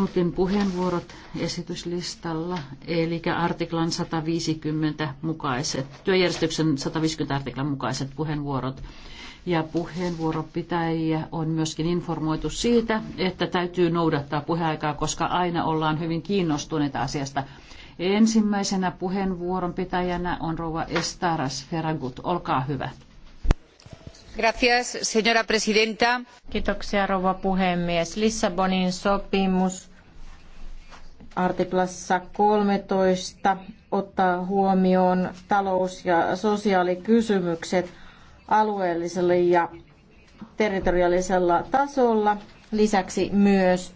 minuutin puheenvuorot esityslistalla, eli artiklan 150 mukaiset, työjärjestyksen 150 artiklan mukaiset puheenvuorot. Ja puheenvuoropitäjiä on myöskin informoitu siitä, että täytyy noudattaa puheaikaa, koska aina ollaan hyvin kiinnostuneita asiasta. Ensimmäisenä puheenvuoron pitäjänä on rouva Estaras Ferragut. Olkaa hyvä. Gracias, señora presidenta. Kiitoksia rouva puhemies. Lissabonin sopimus artiklassa 13 ottaa huomioon talous- ja sosiaalikysymykset alueellisella ja territoriaalisella tasolla. Lisäksi myös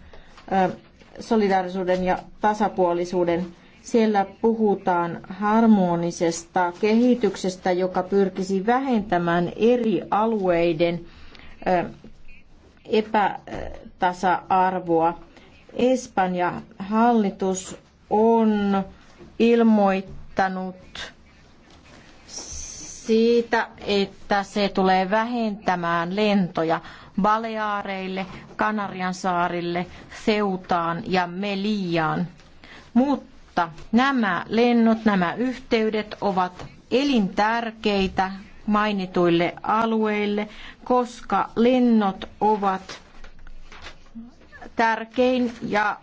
solidaarisuuden ja tasapuolisuuden. Siellä puhutaan harmonisesta kehityksestä, joka pyrkisi vähentämään eri alueiden epätasa-arvoa Espanja hallitus on ilmoittanut siitä, että se tulee vähentämään lentoja Baleaareille, Kanarian saarille, Seutaan ja Meliaan. Mutta nämä lennot, nämä yhteydet ovat elintärkeitä mainituille alueille, koska lennot ovat tärkein ja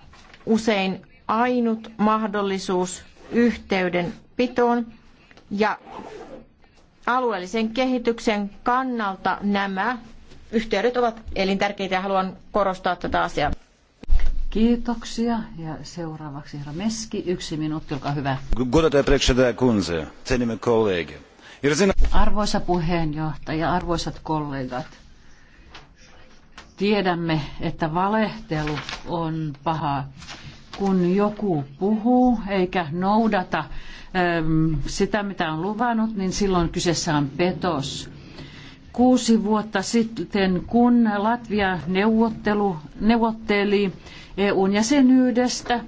usein ainut mahdollisuus yhteydenpitoon ja alueellisen kehityksen kannalta nämä yhteydet ovat elintärkeitä ja haluan korostaa tätä asiaa. Kiitoksia. Ja seuraavaksi herra Meski, yksi minuutti, olkaa hyvä. Arvoisa puheenjohtaja, arvoisat kollegat. Tiedämme, että valehtelu on paha. Kun joku puhuu eikä noudata ähm, sitä, mitä on luvannut, niin silloin kyseessä on petos. Kuusi vuotta sitten, kun Latvia neuvottelu, neuvotteli EUn jäsenyydestä,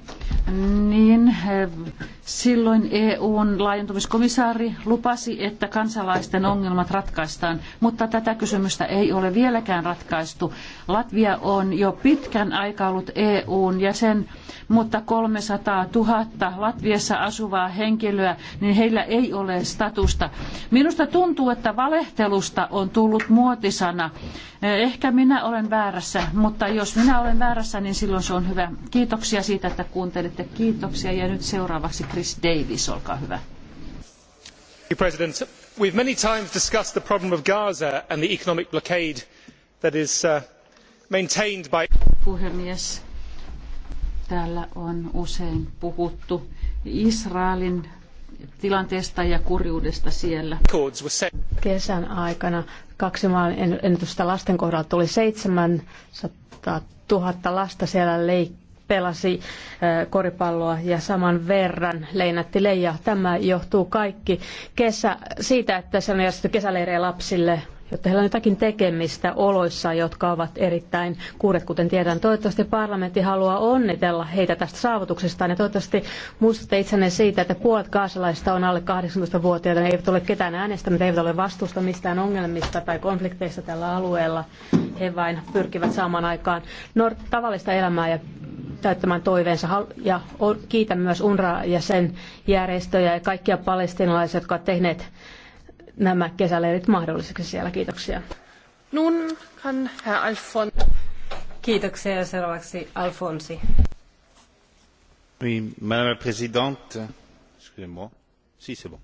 niin eh, silloin EUn laajentumiskomissaari lupasi, että kansalaisten ongelmat ratkaistaan, mutta tätä kysymystä ei ole vieläkään ratkaistu. Latvia on jo pitkän aikaa ollut EUn jäsen, mutta 300 000 Latviassa asuvaa henkilöä, niin heillä ei ole statusta. Minusta tuntuu, että valehtelusta on tullut muotisana. Eh, ehkä minä olen väärässä, mutta jos minä olen väärässä, niin silloin se se on hyvä. Kiitoksia siitä, että kuuntelitte. Kiitoksia. Ja nyt seuraavaksi Chris Davis, olkaa hyvä. President, we've many times discussed the problem of Gaza and the economic blockade that is uh, maintained by... Puhemies, täällä on usein puhuttu Israelin tilanteesta ja kurjuudesta siellä. Kesän aikana kaksi maan ennätystä lasten kohdalla tuli 700 tuhatta lasta siellä leikkiä pelasi koripalloa ja saman verran leinätti leijaa. Tämä johtuu kaikki kesä, siitä, että se on järjestetty kesäleirejä lapsille jotta heillä on jotakin tekemistä oloissa, jotka ovat erittäin kuuret, kuten tiedän. Toivottavasti parlamentti haluaa onnitella heitä tästä saavutuksestaan ja toivottavasti muistatte itsenne siitä, että puolet kaasalaisista on alle 18-vuotiaita, ne eivät ole ketään äänestäneet, eivät ole vastuusta mistään ongelmista tai konflikteista tällä alueella. He vain pyrkivät saamaan aikaan tavallista elämää ja täyttämään toiveensa. Ja kiitän myös UNRWA ja sen järjestöjä ja kaikkia palestinalaisia, jotka ovat tehneet nämä kesäleirit mahdollisiksi siellä. Kiitoksia. Nun kann Herr Alfon. Kiitoksia ja seuraavaksi Alfonsi. Oui, Madame la Présidente, excusez-moi. Si, c'est bon.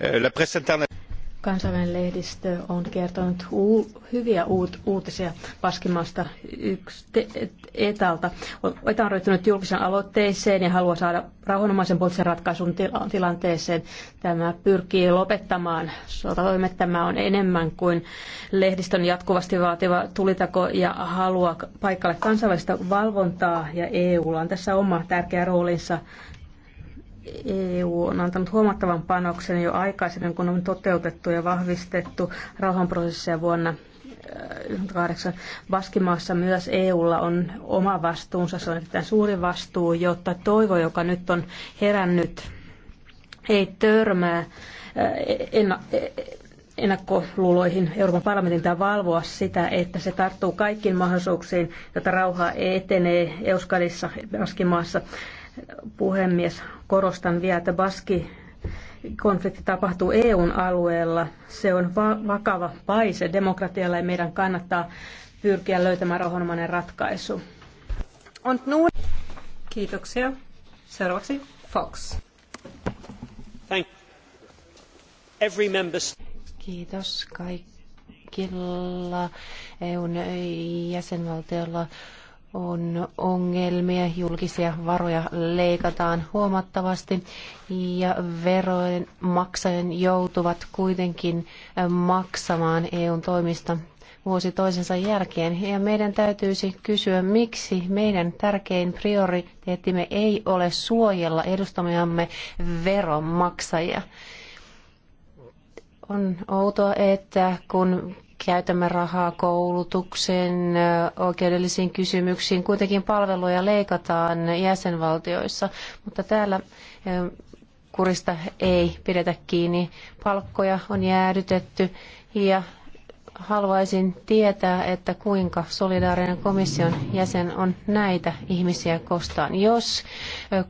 Euh, la presse internationale Kansainvälinen lehdistö on kertonut uu, hyviä uut, uutisia Paskimasta yksi te, et, etalta. Eta on ryhtynyt julkisen aloitteeseen ja haluaa saada rauhanomaisen poliittisen ratkaisun tila, tilanteeseen. Tämä pyrkii lopettamaan sotatoimet. Tämä on enemmän kuin lehdistön jatkuvasti vaativa tulitako ja haluaa paikalle kansainvälistä valvontaa ja EUlla on tässä oma tärkeä roolinsa EU on antanut huomattavan panoksen jo aikaisemmin, kun on toteutettu ja vahvistettu rauhanprosesseja vuonna 2008. Äh, Baskimaassa myös EUlla on oma vastuunsa, se on erittäin suuri vastuu, jotta toivo, joka nyt on herännyt, ei törmää äh, e-, ennakkoluuloihin Euroopan parlamentin tai valvoa sitä, että se tarttuu kaikkiin mahdollisuuksiin, jotta rauha etenee Euskadissa, Baskimaassa. Puhemies, korostan vielä, että Baski konflikti tapahtuu EUn alueella. Se on va- vakava paise demokratialle ja meidän kannattaa pyrkiä löytämään rauhanomainen ratkaisu. On nun... Kiitoksia. Seuraavaksi Fox. Thank every member... Kiitos kaikilla EUn jäsenvaltioilla on ongelmia, julkisia varoja leikataan huomattavasti ja verojen maksajien joutuvat kuitenkin eh, maksamaan EUn toimista vuosi toisensa jälkeen. Ja meidän täytyisi kysyä, miksi meidän tärkein prioriteettimme ei ole suojella edustamiamme veronmaksajia. On outoa, että kun käytämme rahaa koulutukseen, oikeudellisiin kysymyksiin. Kuitenkin palveluja leikataan jäsenvaltioissa, mutta täällä kurista ei pidetä kiinni. Palkkoja on jäädytetty ja haluaisin tietää, että kuinka solidaarinen komission jäsen on näitä ihmisiä kostaan. Jos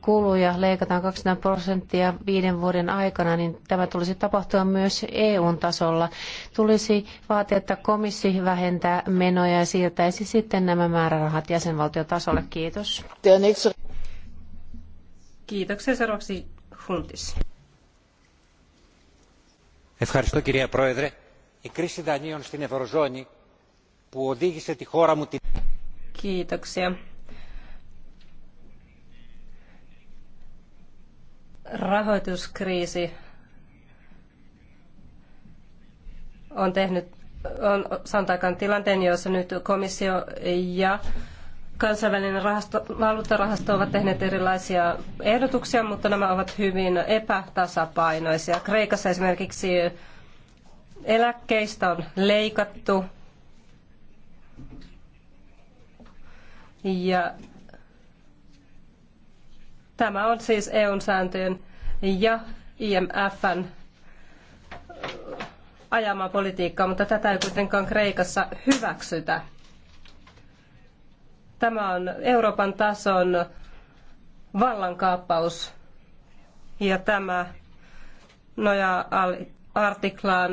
kuluja leikataan 200 prosenttia viiden vuoden aikana, niin tämä tulisi tapahtua myös EU-tasolla. Tulisi vaatia, että komissi vähentää menoja ja siirtäisi sitten nämä määrärahat jäsenvaltiotasolle. Kiitos. Kiitoksia. Seuraavaksi Huntis. Ευχαριστώ κυρία Πρόεδρε η κρίση δανείων στην Ευρωζώνη που οδήγησε τη χώρα μου την... Rahoituskriisi on tehnyt on saanut tilanteen, jossa nyt komissio ja kansainvälinen rahasto, valuuttarahasto ovat tehneet erilaisia ehdotuksia, mutta nämä ovat hyvin epätasapainoisia. Kreikassa esimerkiksi Eläkkeistä on leikattu ja tämä on siis EUn sääntöjen ja IMFn äh, ajamaa politiikkaa, mutta tätä ei kuitenkaan Kreikassa hyväksytä. Tämä on Euroopan tason vallankaappaus ja tämä nojaa artiklaan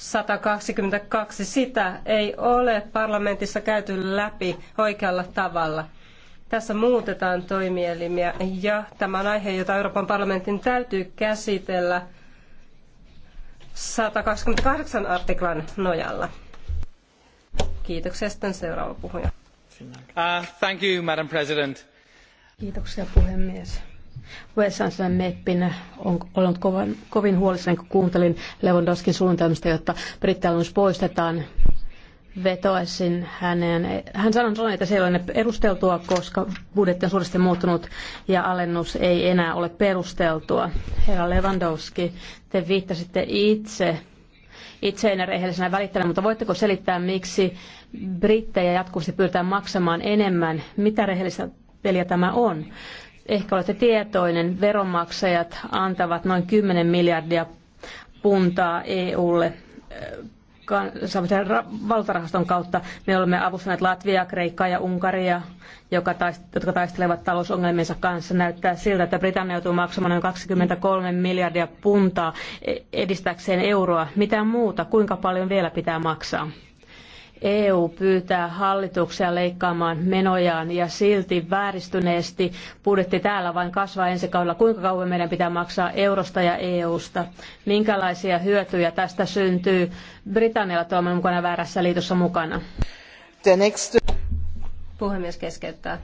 122, sitä ei ole parlamentissa käyty läpi oikealla tavalla. Tässä muutetaan toimielimiä ja tämä on aihe, jota Euroopan parlamentin täytyy käsitellä 128 artiklan nojalla. Kiitoksia sitten seuraava puhuja. Uh, thank you, Madam President. Kiitoksia puhemies. Wessansen meppinä on ollut kovan, kovin huolissani, kun kuuntelin Lewandowskin suunnitelmista, jotta brittialennus poistetaan vetoisin häneen. Hän sanoi, että se ei ole perusteltua, koska budjetti on suuresti muuttunut ja alennus ei enää ole perusteltua. Herra Lewandowski, te viittasitte itse itseinä rehellisenä välittäjänä, mutta voitteko selittää, miksi brittejä jatkuvasti pyritään maksamaan enemmän? Mitä rehellistä peliä tämä on? ehkä olette tietoinen, veronmaksajat antavat noin 10 miljardia puntaa EUlle äh, kansainvälisen valtarahaston kautta. Me olemme avustaneet Latviaa, Kreikkaa ja Unkaria, joka taist, jotka taistelevat talousongelmiensa kanssa. Näyttää siltä, että Britannia joutuu maksamaan noin 23 miljardia puntaa e-, edistääkseen euroa. Mitä muuta? Kuinka paljon vielä pitää maksaa? EU pyytää hallituksia leikkaamaan menojaan ja silti vääristyneesti budjetti täällä vain kasvaa ensi kaudella. Kuinka kauan meidän pitää maksaa eurosta ja EUsta? Minkälaisia hyötyjä tästä syntyy? Britannialla olemme mukana väärässä liitossa mukana. The next... Puhemies keskeyttää.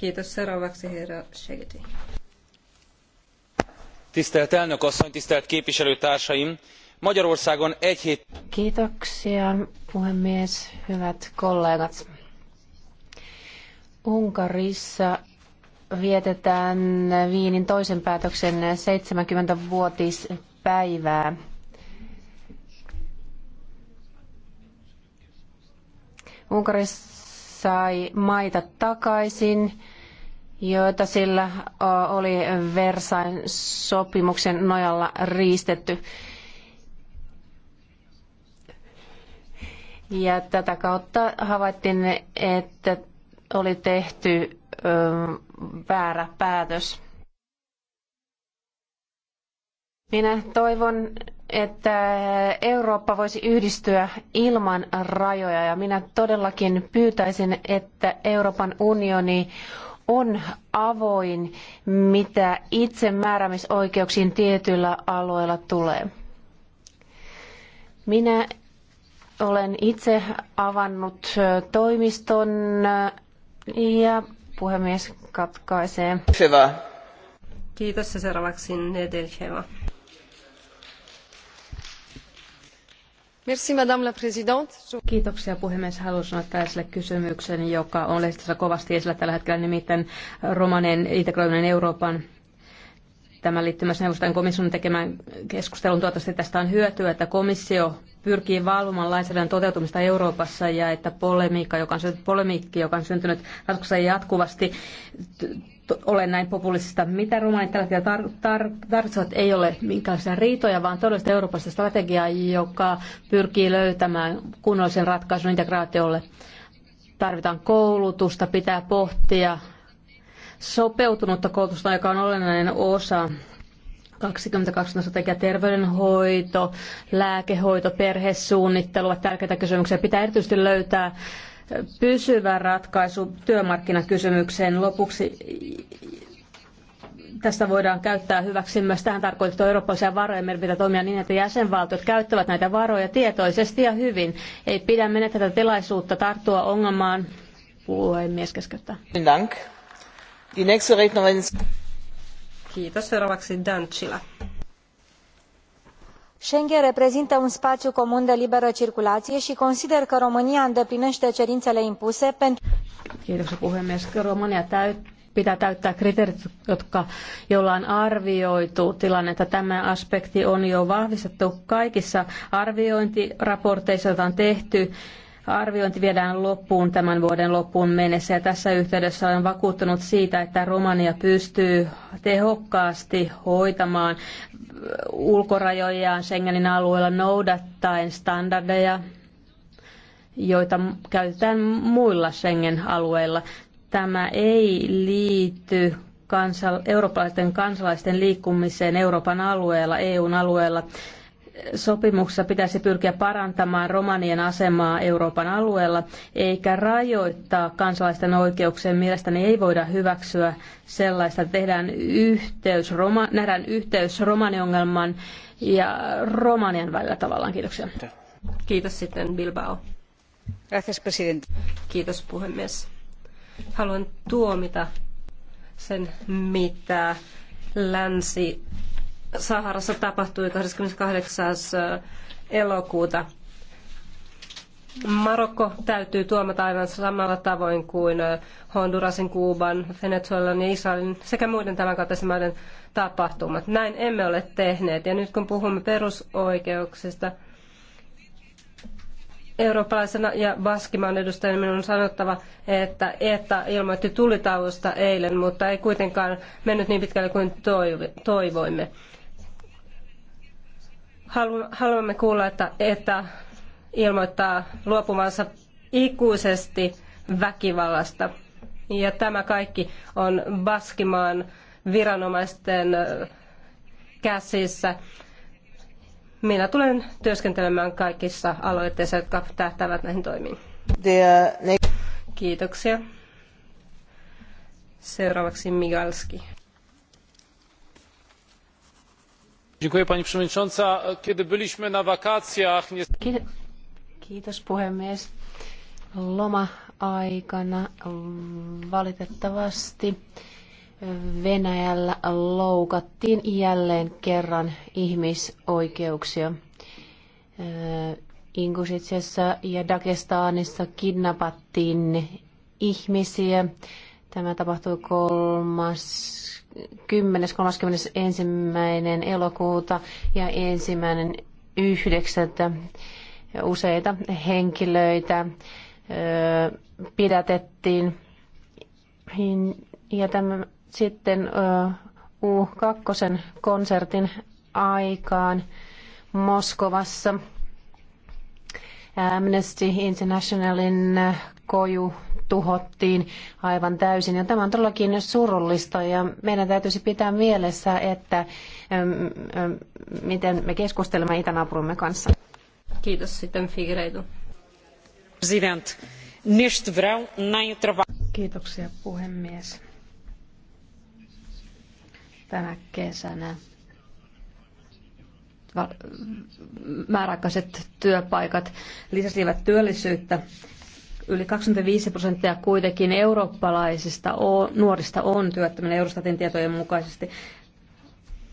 Kiitos. Seuraavaksi herra Segeti. Tisztelt elnök asszony, tisztelt képviselőtársaim! magyarországon egy hét... Kiitoksia puhemies, hyvät kollegat. Unkarissa vietetään Viinin toisen päätöksen 70-vuotispäivää. Unkari sai maita takaisin, joita sillä oli Versain sopimuksen nojalla riistetty. Ja tätä kautta havaittiin, että oli tehty ö, väärä päätös. Minä toivon, että Eurooppa voisi yhdistyä ilman rajoja ja minä todellakin pyytäisin, että Euroopan unioni on avoin, mitä itsemääräämisoikeuksiin tietyillä alueilla tulee. Minä olen itse avannut toimiston ja puhemies katkaisee. Hyvä. Kiitos ja seuraavaksi Nedelcheva. Merci, Madame la Présidente. Kiitoksia puhemies. Haluaisin ottaa esille kysymyksen, joka on lehdistössä kovasti esillä tällä hetkellä, nimittäin romanien integroiminen Euroopan tämän liittymässä neuvoston komission tekemään keskustelun. Toivottavasti tästä on hyötyä, että komissio pyrkii valvomaan lainsäädännön toteutumista Euroopassa ja että polemiikka, joka on syntynyt, polemiikki, joka on syntynyt Ranskassa jatkuvasti, ole näin populistista. Mitä romanit tällä hetkellä tar- tar- tarvitsevat, ei ole minkäänlaisia riitoja, vaan todellista Euroopassa strategiaa, joka pyrkii löytämään kunnollisen ratkaisun integraatiolle. Tarvitaan koulutusta, pitää pohtia sopeutunutta koulutusta, joka on olennainen osa 2020 strategia, terveydenhoito, lääkehoito, perhesuunnittelu ovat tärkeitä kysymyksiä. Pitää erityisesti löytää pysyvä ratkaisu työmarkkinakysymykseen. Lopuksi tästä voidaan käyttää hyväksi myös tähän tarkoitettua eurooppalaisia varoja. Meidän pitää toimia niin, että jäsenvaltiot käyttävät näitä varoja tietoisesti ja hyvin. Ei pidä menettää tilaisuutta tarttua ongelmaan. Puhemies keskeyttää. Die nächste Rednerin... Kiitos. Seuraavaksi Dancila. Schengen reprezintă un spațiu comun de liberă circulație și consider că România îndeplinește cerințele impuse pentru... Kiitoksia puhemies. Romania täyttää pitää täyttää kriteerit, jotka, joilla on arvioitu tilannetta. Tämä aspekti on jo vahvistettu kaikissa arviointiraporteissa, joita on tehty arviointi viedään loppuun tämän vuoden loppuun mennessä ja tässä yhteydessä olen vakuuttunut siitä, että Romania pystyy tehokkaasti hoitamaan ulkorajojaan Schengenin alueella noudattaen standardeja, joita käytetään muilla Schengen-alueilla. Tämä ei liity kansal- eurooppalaisten kansalaisten liikkumiseen Euroopan alueella, EUn alueella sopimuksessa pitäisi pyrkiä parantamaan romanien asemaa Euroopan alueella, eikä rajoittaa kansalaisten oikeuksia. Mielestäni ei voida hyväksyä sellaista, että tehdään yhteys, roma, nähdään yhteys romaniongelman ja romanian välillä tavallaan. Kiitoksia. Kiitos sitten Bilbao. Gracias, president. Kiitos puhemies. Haluan tuomita sen, mitä länsi Saharassa tapahtui 28. elokuuta. Marokko täytyy tuomata aivan samalla tavoin kuin Hondurasin, Kuuban, Venezuelan ja Israelin sekä muiden tämänkaltaisen maiden tapahtumat. Näin emme ole tehneet. Ja nyt kun puhumme perusoikeuksista, eurooppalaisena ja Baskimaan edustajana minun on sanottava, että ETA ilmoitti tulitauosta eilen, mutta ei kuitenkaan mennyt niin pitkälle kuin toivoimme. Haluamme kuulla, että, että ilmoittaa luopumansa ikuisesti väkivallasta. Ja tämä kaikki on Baskimaan viranomaisten käsissä. Minä tulen työskentelemään kaikissa aloitteissa, jotka tähtäävät näihin toimiin. Kiitoksia. Seuraavaksi Migalski. pani przewodnicząca! kiedy byliśmy na wakacjach Loma-aikana valitettavasti Venäjällä loukattiin jälleen kerran ihmisoikeuksia. Äh, Ingusitiassa ja Dagestaanissa kidnappattiin ihmisiä Tämä tapahtui 10.31. elokuuta ja ensimmäinen yhdeksättä. Useita henkilöitä pidätettiin. Ja tämän, sitten U2 konsertin aikaan Moskovassa Amnesty Internationalin koju tuhottiin aivan täysin. Ja tämä on todellakin surullista ja meidän täytyisi pitää mielessä, että miten me keskustelemme itänaapurimme kanssa. Kiitos sitten Figreitu. Kiitoksia puhemies. Tänä kesänä määräaikaiset työpaikat lisäsivät työllisyyttä Yli 25 prosenttia kuitenkin eurooppalaisista on, nuorista on työttömänä Eurostatin tietojen mukaisesti.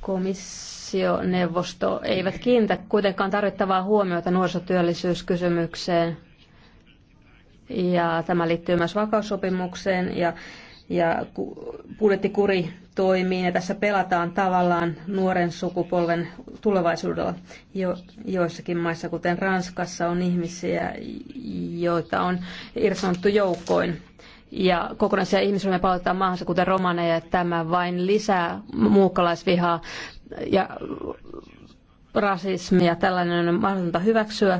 Komissioneuvosto eivät kiinnitä kuitenkaan tarvittavaa huomiota nuorisotyöllisyyskysymykseen. Ja tämä liittyy myös vakaussopimukseen ja ja budjettikuri toimii ja tässä pelataan tavallaan nuoren sukupolven tulevaisuudella. Jo, joissakin maissa, kuten Ranskassa, on ihmisiä, joita on irsonttu joukkoin ja kokonaisia ihmisryhmiä palautetaan maahansa, kuten romaneja, että tämä vain lisää muukalaisvihaa ja rasismia. Tällainen on mahdotonta hyväksyä.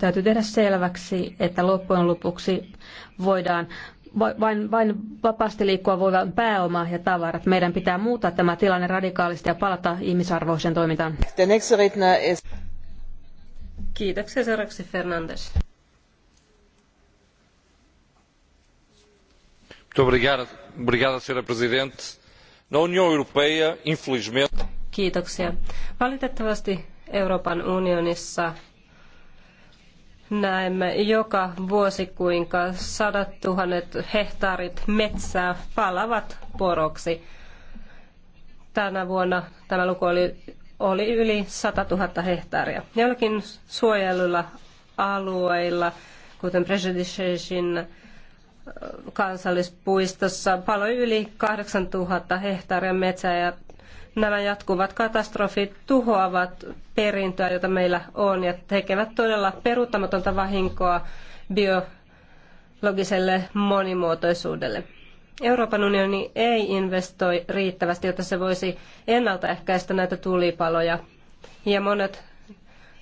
Täytyy tehdä selväksi, että loppujen lopuksi voidaan vain, vain vapaasti liikkua voi pääoma ja tavarat. Meidän pitää muuttaa tämä tilanne radikaalisti ja palata ihmisarvoiseen toimintaan. Kiitoksia seuraavaksi Fernandes. Obrigado, senhora presidente. Na União Europeia, infelizmente... Kiitoksia. Valitettavasti Euroopan unionissa näemme joka vuosi, kuinka sadat tuhannet hehtaarit metsää palavat poroksi. Tänä vuonna tämä luku oli, oli yli 100 000 hehtaaria. Jollakin suojelulla alueilla, kuten Prejudication kansallispuistossa, paloi yli 8000 hehtaaria metsää ja Nämä jatkuvat katastrofit tuhoavat perintöä, jota meillä on, ja tekevät todella peruuttamatonta vahinkoa biologiselle monimuotoisuudelle. Euroopan unioni ei investoi riittävästi, jotta se voisi ennaltaehkäistä näitä tulipaloja. Ja monet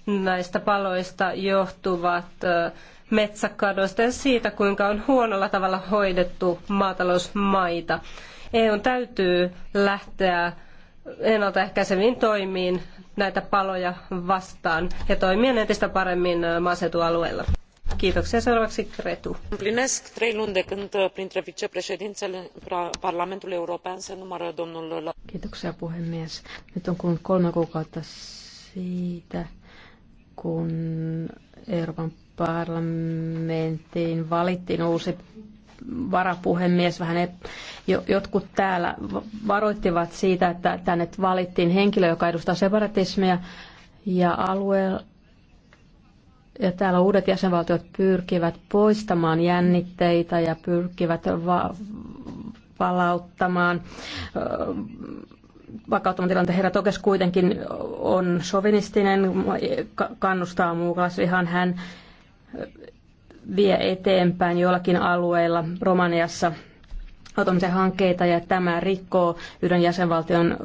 näistä paloista johtuvat metsäkadosta ja siitä, kuinka on huonolla tavalla hoidettu maatalousmaita. EUn täytyy lähteä ennaltaehkäiseviin toimiin näitä paloja vastaan ja toimia entistä paremmin maaseutualueilla. Kiitoksia. Seuraavaksi Kretu. Împlinesc trei luni de când uh, printre vicepreședințele Parlamentului European se numără domnul Kiitoksia puhemies. Nyt on kulunut kolme kuukautta siitä, kun Euroopan parlamenttiin valittiin uusi varapuhemies, vähän jotkut täällä varoittivat siitä, että tänne valittiin henkilö, joka edustaa separatismia ja alueella ja täällä uudet jäsenvaltiot pyrkivät poistamaan jännitteitä ja pyrkivät va- palauttamaan vakauttamaan tilanteen. Herra Tokes kuitenkin on sovinistinen, kannustaa muukalaisvihan. Hän vie eteenpäin joillakin alueilla Romaniassa automisen hankkeita ja tämä rikkoo yhden jäsenvaltion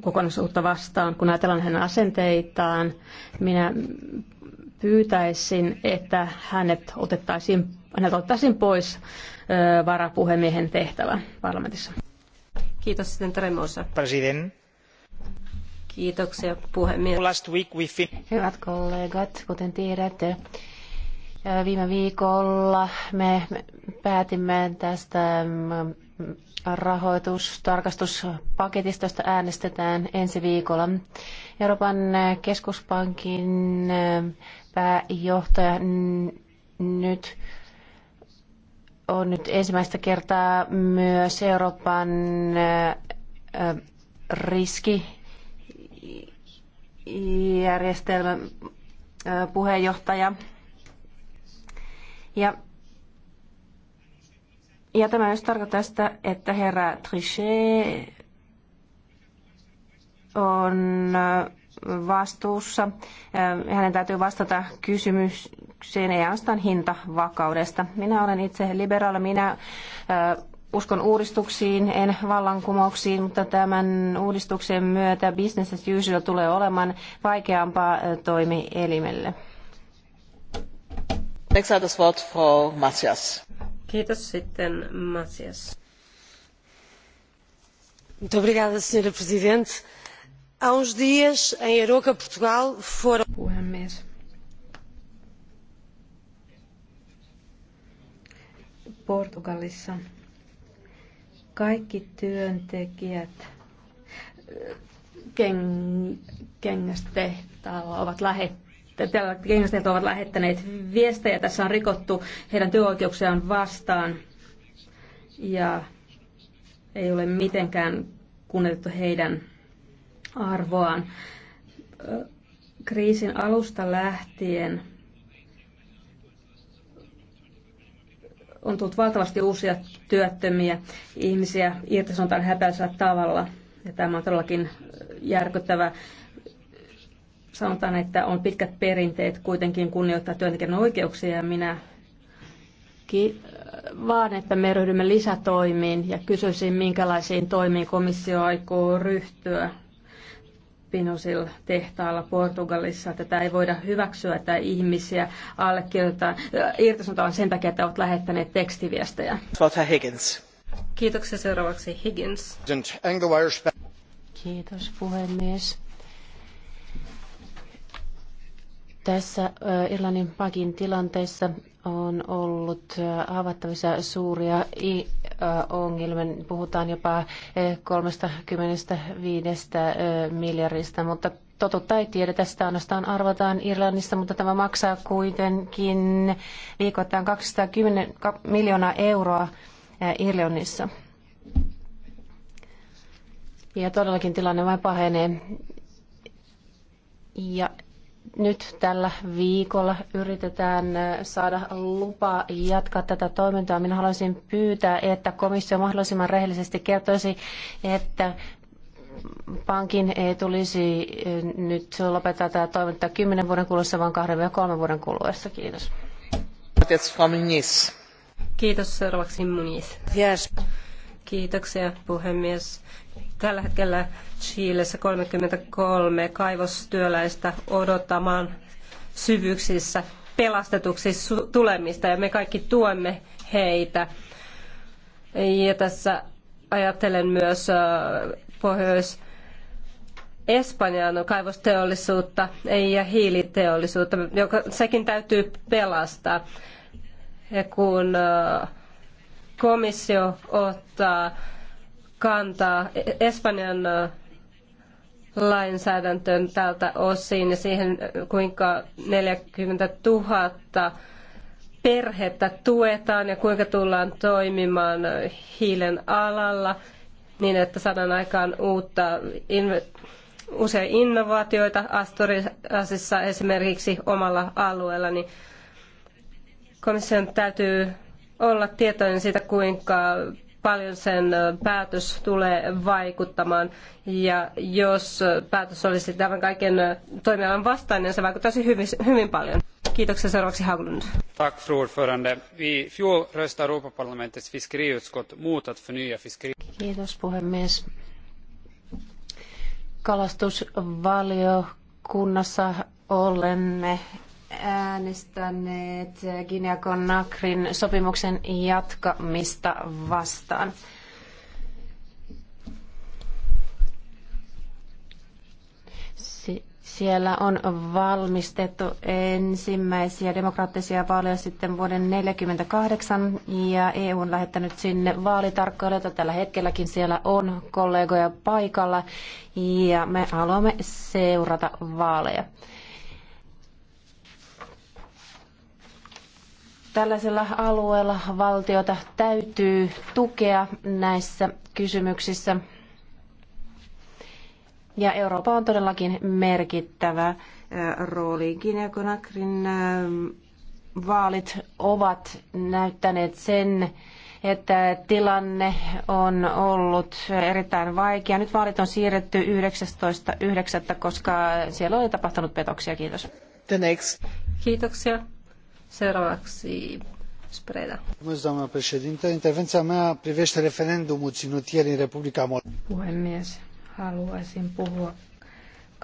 kokonaisuutta vastaan, kun ajatellaan hänen asenteitaan. Minä pyytäisin, että hänet otettaisiin, hänet otettaisiin pois varapuhemiehen tehtävä parlamentissa. Kiitos sitten Tremosa. President. Kiitoksia puhemies. Last week we fin- Hyvät kollegat, kuten tiedätte, Viime viikolla me päätimme tästä mm, rahoitustarkastuspaketista, josta äänestetään ensi viikolla. Euroopan keskuspankin pääjohtaja nyt on nyt ensimmäistä kertaa myös Euroopan riskijärjestelmän puheenjohtaja. Ja, ja tämä myös tarkoittaa sitä, että herra Trichet on äh, vastuussa. Äh, hänen täytyy vastata kysymykseen ei ainoastaan hintavakaudesta. Minä olen itse liberaali, minä äh, uskon uudistuksiin, en vallankumouksiin, mutta tämän uudistuksen myötä business as usual tulee olemaan vaikeampaa toimielimelle. Next hat das Wort Frau Kiitos sitten Masias. Muito obrigada, Sra. Presidente. Há uns dias, em Aroca, Portugal, foram... Portugalissa kaikki työntekijät keng, kengästehtaalla ovat lähettäneet Täällä gangsterit ovat lähettäneet viestejä. Tässä on rikottu heidän työoikeuksiaan vastaan ja ei ole mitenkään kunnioitettu heidän arvoaan. Kriisin alusta lähtien on tullut valtavasti uusia työttömiä ihmisiä irtisanotaan häpäisellä tavalla. Ja tämä on todellakin järkyttävä sanotaan, että on pitkät perinteet kuitenkin kunnioittaa työntekijän oikeuksia ja minä ki- vaan, että me ryhdymme lisätoimiin ja kysyisin, minkälaisiin toimiin komissio aikoo ryhtyä Pinosil-tehtaalla Portugalissa. Tätä ei voida hyväksyä, että ihmisiä allekirjoitetaan, äh, irtisanotaan sen takia, että olet lähettäneet tekstiviestejä. Higgins. Kiitoksia seuraavaksi Higgins. Kiitos puhemies. Tässä Irlannin pakin tilanteessa on ollut avattavissa suuria ongelmia. Puhutaan jopa 35 miljardista, mutta totuutta ei tiedetä, sitä ainoastaan arvataan Irlannissa, mutta tämä maksaa kuitenkin viikoittain 210 miljoonaa euroa Irlannissa. Ja todellakin tilanne vain pahenee. Ja nyt tällä viikolla yritetään äh, saada lupa jatkaa tätä toimintaa. Minä haluaisin pyytää, että komissio mahdollisimman rehellisesti kertoisi, että pankin ei tulisi äh, nyt lopettaa tämä toiminta kymmenen vuoden kuluessa, vaan kahden ja kolmen vuoden kuluessa. Kiitos. Kiitos. Seuraavaksi Muniz. Yes. Kiitoksia puhemies. Tällä hetkellä Chiilessä 33 kaivostyöläistä odottamaan syvyyksissä pelastetuksi tulemista ja me kaikki tuemme heitä. Ja tässä ajattelen myös äh, pohjois Espanjan kaivosteollisuutta ja hiiliteollisuutta, joka sekin täytyy pelastaa. Ja kun äh, komissio ottaa kantaa Espanjan äh, lainsäädäntöön tältä osin ja siihen, kuinka 40 000 perhettä tuetaan ja kuinka tullaan toimimaan hiilen alalla niin, että saadaan aikaan uutta uusia innovaatioita Astorisissa esimerkiksi omalla alueella, niin komission täytyy olla tietoinen siitä, kuinka paljon sen päätös tulee vaikuttamaan. Ja jos päätös olisi tämän kaiken toimialan vastainen, se vaikuttaisi hyvin, hyvin paljon. Kiitoksia seuraavaksi Haglund. Tack fru ordförande. I fjol röstade Europaparlamentets fiskeriutskott mot att förnya fiskeri... Kiitos puhemies. Kalastusvaliokunnassa olemme äänestäneet Gineakonakrin sopimuksen jatkamista vastaan. Siellä on valmistettu ensimmäisiä demokraattisia vaaleja sitten vuoden 1948 ja EU on lähettänyt sinne vaalitarkkailijoita. Tällä hetkelläkin siellä on kollegoja paikalla ja me haluamme seurata vaaleja. Tällaisella alueella valtiota täytyy tukea näissä kysymyksissä. Ja Eurooppa on todellakin merkittävä rooli. Gineakonakrin vaalit ovat näyttäneet sen, että tilanne on ollut erittäin vaikea. Nyt vaalit on siirretty 19.9., koska siellä oli tapahtunut petoksia. Kiitos. The next. Kiitoksia. Seuraavaksi Spreda. Doamna președintă, intervenția mea privește referendumul ținut ieri în Republica Moldova. Puhemies, haluaisin puhua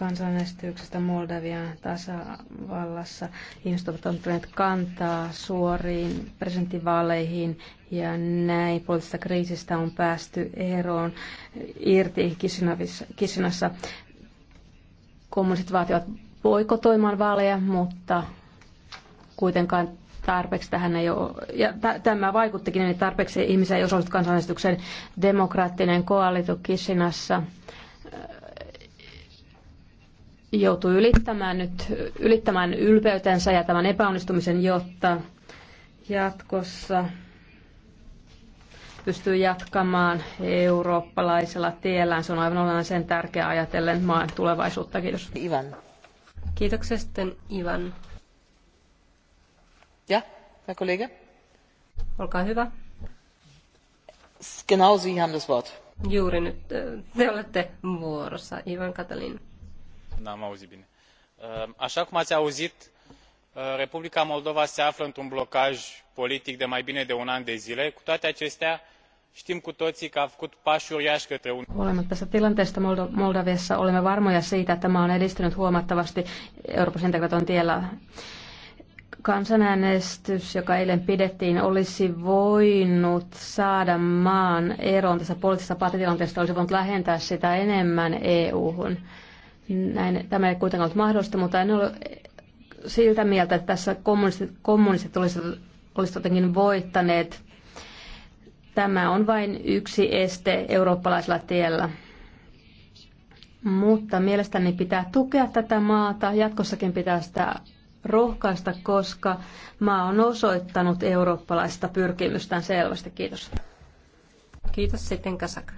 kansanäänestyksestä Moldavian tasavallassa. Ihmiset ovat ottaneet kantaa suoriin presidentinvaaleihin ja näin poliittisesta kriisistä on päästy eroon irti Kisinassa. Kommunistit vaativat boikotoimaan vaaleja, mutta kuitenkaan tarpeeksi tähän ei ole, ja tämä vaikuttikin, niin että tarpeeksi ihmisiä ei osallistu kansanäänestykseen demokraattinen koalitu Kisinassa äh, joutui ylittämään nyt, ylittämään ylpeytensä ja tämän epäonnistumisen, jotta jatkossa pystyy jatkamaan eurooppalaisella tiellään. Se on aivan olennaisen tärkeää ajatellen maan tulevaisuutta. Kiitos. Ivan. Kiitoksia sitten Ivan. Herr Kollege. Olkaa hyvä. Genau, Sie haben das Wort. Äh, Ivan Katalin. Äh, așa cum ați auzit, äh, republica moldova se află într un blocaj politic de mai bine de un an de zile cu toate acestea știm cu toții că a făcut pași uriași către un. Olemme tästä tilanteesta Moldaviassa olemme varmoja siitä, että maa on edistynyt huomattavasti Euroopan integraation tiellä kansanäänestys, joka eilen pidettiin, olisi voinut saada maan eroon tässä poliittisessa partitilanteessa, olisi voinut lähentää sitä enemmän EU-hun. Näin, tämä ei kuitenkaan ollut mahdollista, mutta en ole siltä mieltä, että tässä kommunistit, kommunistit olisivat, olisi jotenkin voittaneet. Tämä on vain yksi este eurooppalaisella tiellä. Mutta mielestäni pitää tukea tätä maata, jatkossakin pitää sitä rohkaista, koska maa on osoittanut eurooppalaista pyrkimystään selvästi. Kiitos. Kiitos sitten kasak.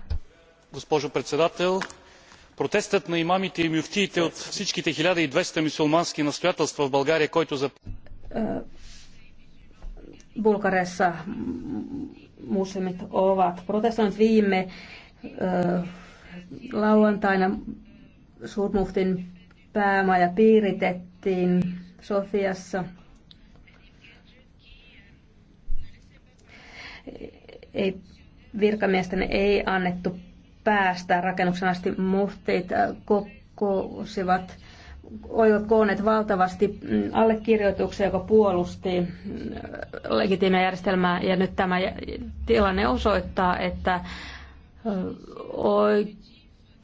Госпожо председател, протестът на имамите и мюфтиите от всичките 1200 мусулмански настоятелства в България, който за... Bulgariassa muslimit ovat protestoineet viime lauantaina suurmuhtin päämaja piiritettiin Sofiassa. Ei, virkamiesten ei annettu päästä rakennuksen asti muhteet äh, kokosivat olivat kooneet valtavasti mm, allekirjoituksia, joka puolusti mm, legitiimiä järjestelmää. Ja nyt tämä tilanne osoittaa, että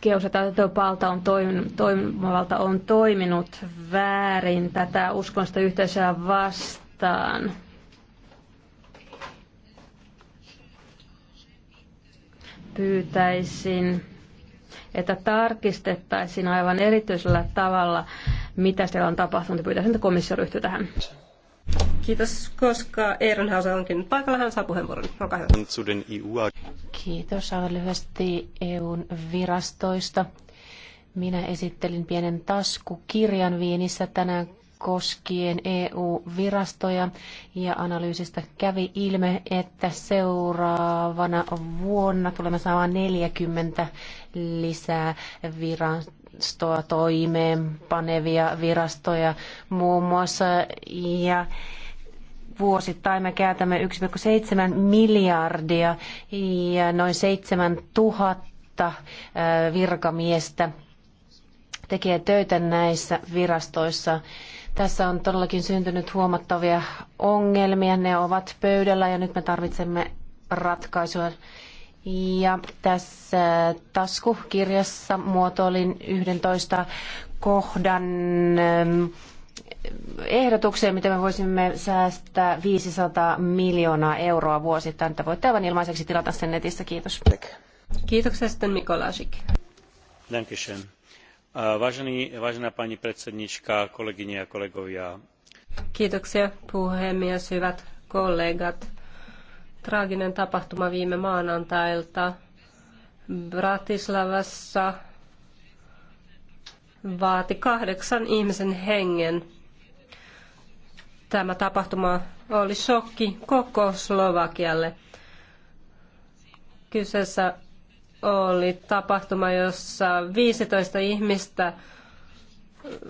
oikeus- on toimivalta on toiminut väärin tätä uskonnollista yhteisöä vastaan. Pyytäisin, että tarkistettaisiin aivan erityisellä tavalla, mitä siellä on tapahtunut. Pyytäisin, että komissio ryhtyy tähän. Kiitos, koska Ehrenhauser onkin paikalla, hän saa puheenvuoron. Olkaa hyvä. E Kiitos. Aivan lyhyesti EUn virastoista. Minä esittelin pienen taskukirjan Viinissä tänään koskien EU-virastoja ja analyysistä kävi ilme, että seuraavana vuonna tulemme saamaan 40 lisää virastoa toimeenpanevia virastoja muun muassa ja vuosittain me käytämme 1,7 miljardia ja noin 7 000 virkamiestä tekee töitä näissä virastoissa. Tässä on todellakin syntynyt huomattavia ongelmia. Ne ovat pöydällä ja nyt me tarvitsemme ratkaisua. Ja tässä taskukirjassa muotoilin 11 kohdan ehdotukseen, miten me voisimme säästää 500 miljoonaa euroa vuosittain. Tätä voitte aivan ilmaiseksi tilata sen netistä. Kiitos. Kiitoksia sitten Mikolasik. Dankeschön. Vážený, vážená pani predsednička, kolegyne ja kollegovia. Kiitoksia puhemies, hyvät kollegat. Traaginen tapahtuma viime maanantailta Bratislavassa vaati kahdeksan ihmisen hengen. Tämä tapahtuma oli shokki koko Slovakialle. Kyseessä oli tapahtuma, jossa 15 ihmistä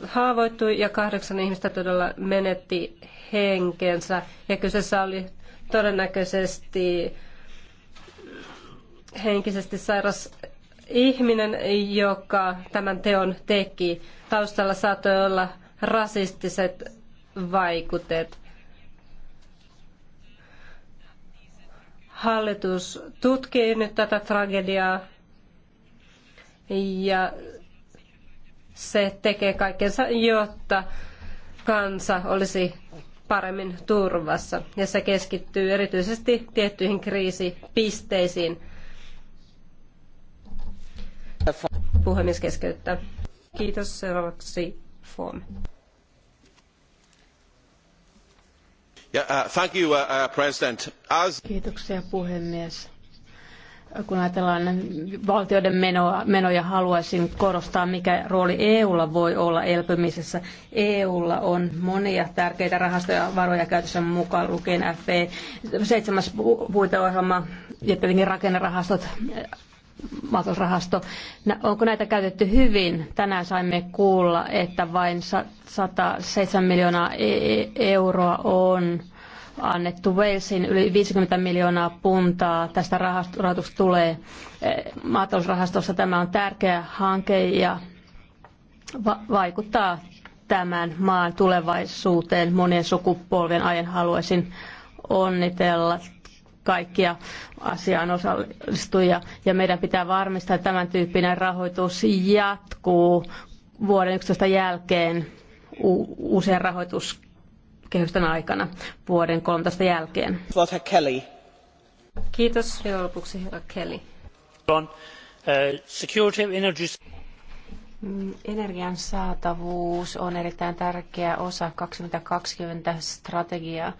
haavoittui ja kahdeksan ihmistä todella menetti henkensä. Ja kyseessä oli todennäköisesti henkisesti sairas ihminen, joka tämän teon teki, taustalla saattoi olla rasistiset vaikutet. Hallitus tutkii nyt tätä tragediaa ja se tekee kaikkensa, jotta kansa olisi paremmin turvassa. Ja se keskittyy erityisesti tiettyihin kriisipisteisiin. Puhemies keskeyttää. Kiitos. Seuraavaksi Form. Uh, thank you, uh, uh, President. As... Kiitoksia puhemies kun ajatellaan valtioiden menoa, menoja, haluaisin korostaa, mikä rooli EUlla voi olla elpymisessä. EUlla on monia tärkeitä rahastoja varoja käytössä mukaan lukien FP, seitsemäs puiteohjelma ja tietenkin rakennerahastot maatalousrahasto. Onko näitä käytetty hyvin? Tänään saimme kuulla, että vain 107 miljoonaa e, e, euroa on annettu Walesin yli 50 miljoonaa puntaa. Tästä rahoitusta tulee e, maatalousrahastossa. Tämä on tärkeä hanke ja va- vaikuttaa tämän maan tulevaisuuteen monien sukupolven ajan. Haluaisin onnitella kaikkia asiaan osallistujia ja meidän pitää varmistaa, että tämän tyyppinen rahoitus jatkuu vuoden 11 jälkeen usein rahoituskehysten aikana vuoden 13 jälkeen. Kelly. Kiitos. Ja lopuksi herra Kelly. Uh, mm, energian saatavuus on erittäin tärkeä osa 2020 strategiaa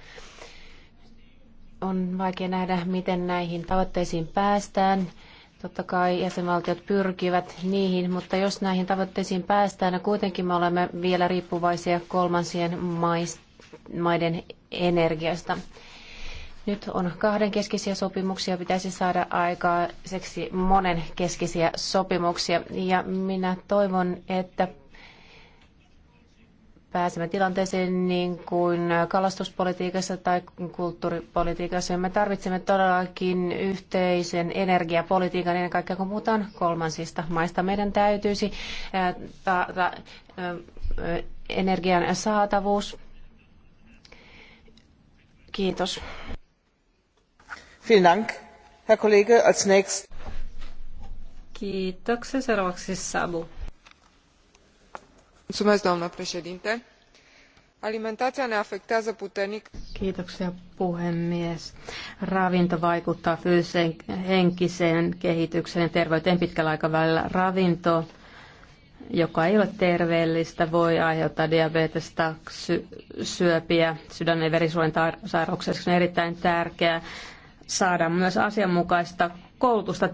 on vaikea nähdä, miten näihin tavoitteisiin päästään. Totta kai jäsenvaltiot pyrkivät niihin, mutta jos näihin tavoitteisiin päästään, niin kuitenkin me olemme vielä riippuvaisia kolmansien maiden energiasta. Nyt on kahdenkeskisiä sopimuksia, pitäisi saada aikaiseksi monenkeskisiä sopimuksia. Ja minä toivon, että pääsemme tilanteeseen niin kuin kalastuspolitiikassa tai kulttuuripolitiikassa. Me tarvitsemme todellakin yhteisen energiapolitiikan ennen kaikkea, kun puhutaan kolmansista maista. Meidän täytyisi taata energian saatavuus. Kiitos. Vielen Dank, Herr Kollege. Als nächstes. Kiitoksia. Seuraavaksi Sabu alimentaia ne afectează puternic. puhemies. Ravinto vaikuttaa fyysiseen, henkiseen kehitykseen ja terveyteen pitkällä aikavälillä. Ravinto, joka ei ole terveellistä, voi aiheuttaa diabetesta, sy- syöpiä, sydän- ja verisuonisairauksia. on erittäin tärkeää saada myös asianmukaista koulutusta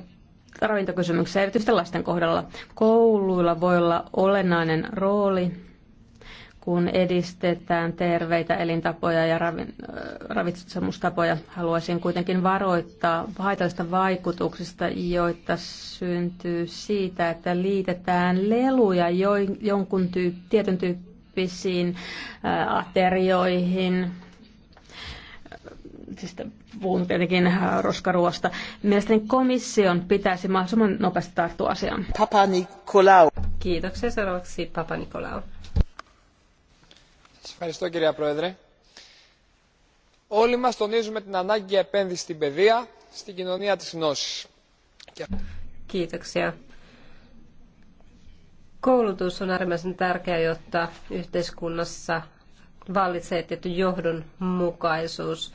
ravintokysymyksiä, erityisesti lasten kohdalla. Kouluilla voi olla olennainen rooli, kun edistetään terveitä elintapoja ja ravitsemustapoja. Haluaisin kuitenkin varoittaa haitallista vaikutuksista, joita syntyy siitä, että liitetään leluja jonkun tyyp, tietyn tyyppisiin aterioihin. Siis puhun tietenkin äh, roskaruosta. Mielestäni komission pitäisi mahdollisimman nopeasti tarttua asiaan. Papa Nikolaou. Kiitoksia seuraavaksi Papa Nikolaou. Ευχαριστώ κυρία Πρόεδρε. Όλοι μας τονίζουμε την ανάγκη για επένδυση στην παιδεία, στην κοινωνία της γνώσης. Kiitoksia. Koulutus on äärimmäisen tärkeää, jotta yhteiskunnassa vallitsee tietty johdonmukaisuus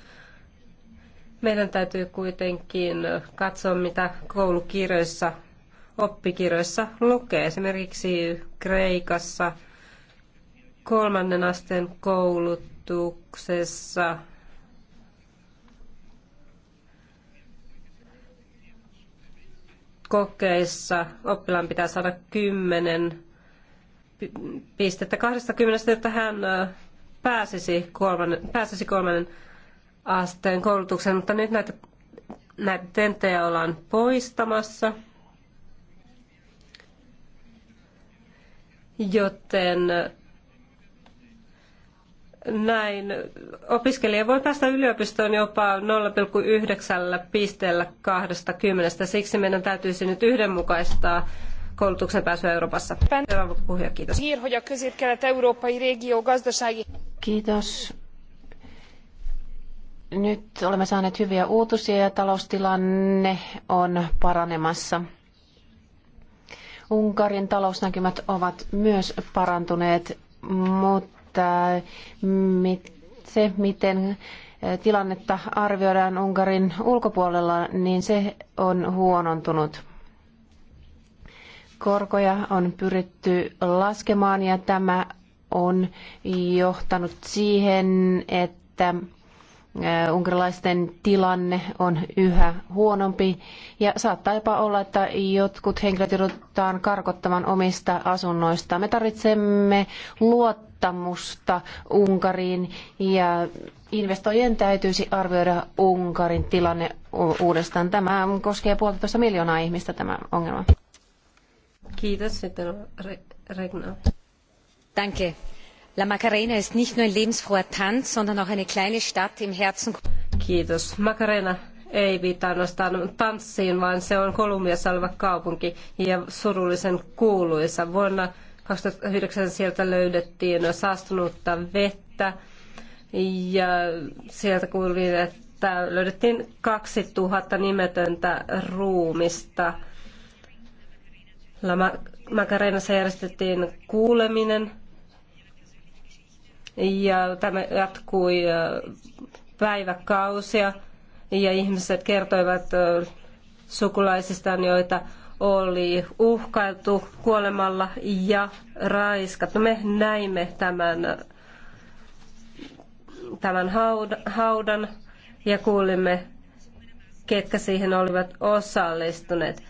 meidän täytyy kuitenkin katsoa, mitä koulukirjoissa, oppikirjoissa lukee. Esimerkiksi Kreikassa kolmannen asteen koulutuksessa kokeissa oppilaan pitää saada kymmenen pistettä kahdesta kymmenestä jotta hän pääsisi kolmannen, pääsisi kolmannen asteen koulutukseen, mutta nyt näitä, näitä tenttejä ollaan poistamassa. Joten äh, näin opiskelija voi päästä yliopistoon jopa 0,9 pisteellä 20. Siksi meidän täytyisi nyt yhdenmukaistaa koulutuksen pääsyä Euroopassa. Seuraava puhuja, kiitos. Kiitos. Nyt olemme saaneet hyviä uutisia ja taloustilanne on paranemassa. Unkarin talousnäkymät ovat myös parantuneet, mutta se, miten eh, tilannetta arvioidaan Unkarin ulkopuolella, niin se on huonontunut. Korkoja on pyritty laskemaan ja tämä on johtanut siihen, että Äh, unkarilaisten tilanne on yhä huonompi ja saattaa jopa olla, että jotkut henkilöt joudutaan karkottamaan omista asunnoista. Me tarvitsemme luottamusta Unkariin ja investoijien täytyisi arvioida Unkarin tilanne uudestaan. Tämä koskee puolitoista miljoonaa ihmistä tämä ongelma. Kiitos. Sitten Regna. Danke la macarena ist nicht nur ein lebensfroher tanz sondern auch eine kleine stadt im herzen Kiitos. Macarena ei viittaa ainoastaan tanssiin, vaan se on Kolumbiassa oleva kaupunki ja surullisen kuuluisa. Vuonna 2009 sieltä löydettiin saastunutta vettä ja sieltä kuulin, että löydettiin 2000 nimetöntä ruumista. La Macarenassa järjestettiin kuuleminen ja tämä jatkui päiväkausia ja ihmiset kertoivat sukulaisistaan, joita oli uhkailtu kuolemalla ja raiskattu. Me näimme tämän, tämän haudan ja kuulimme, ketkä siihen olivat osallistuneet.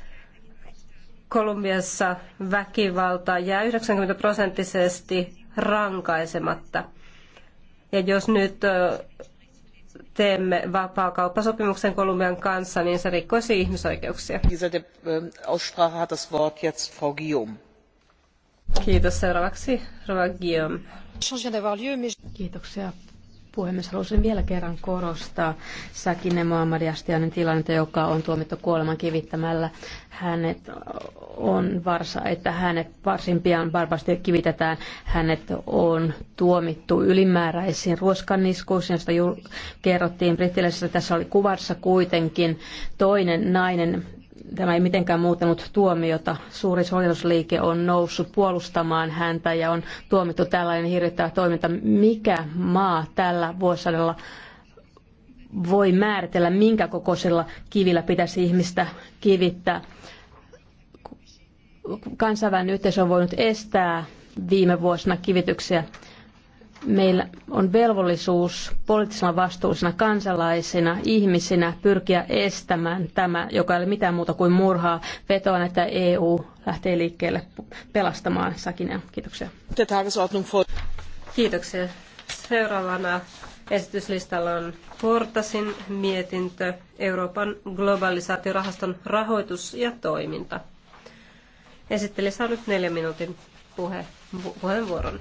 Kolumbiassa väkivalta ja 90 prosenttisesti rankaisematta. Ja jos nyt teemme vapaakauppasopimuksen Kolumbian kanssa, niin se rikkoisi ihmisoikeuksia. Äh, Kiitos. Seuraavaksi Rova Guillaume. Kiitoksia Puhemies, haluaisin vielä kerran korostaa Säkinen Muhammad Astianin tilannetta, joka on tuomittu kuoleman kivittämällä. Hänet on varsa, että hänet varsin pian varmasti kivitetään. Hänet on tuomittu ylimääräisiin ruoskanniskuisiin, josta kerrottiin brittiläisessä. Tässä oli kuvassa kuitenkin toinen nainen tämä ei mitenkään muuttanut tuomiota. Suuri sotilasliike on noussut puolustamaan häntä ja on tuomittu tällainen hirvittävä toiminta. Mikä maa tällä vuosisadalla voi määritellä, minkä kokoisella kivillä pitäisi ihmistä kivittää? Kansainvälinen yhteisö on voinut estää viime vuosina kivityksiä meillä on velvollisuus poliittisena vastuullisena kansalaisina, ihmisinä pyrkiä estämään tämä, joka ei ole mitään muuta kuin murhaa. Vetoan, että EU lähtee liikkeelle pelastamaan Sakinea. Kiitoksia. Kiitoksia. Seuraavana esityslistalla on Portasin mietintö Euroopan globalisaatiorahaston rahoitus ja toiminta. Esittelijä saa nyt neljän minuutin puhe, puheenvuoron.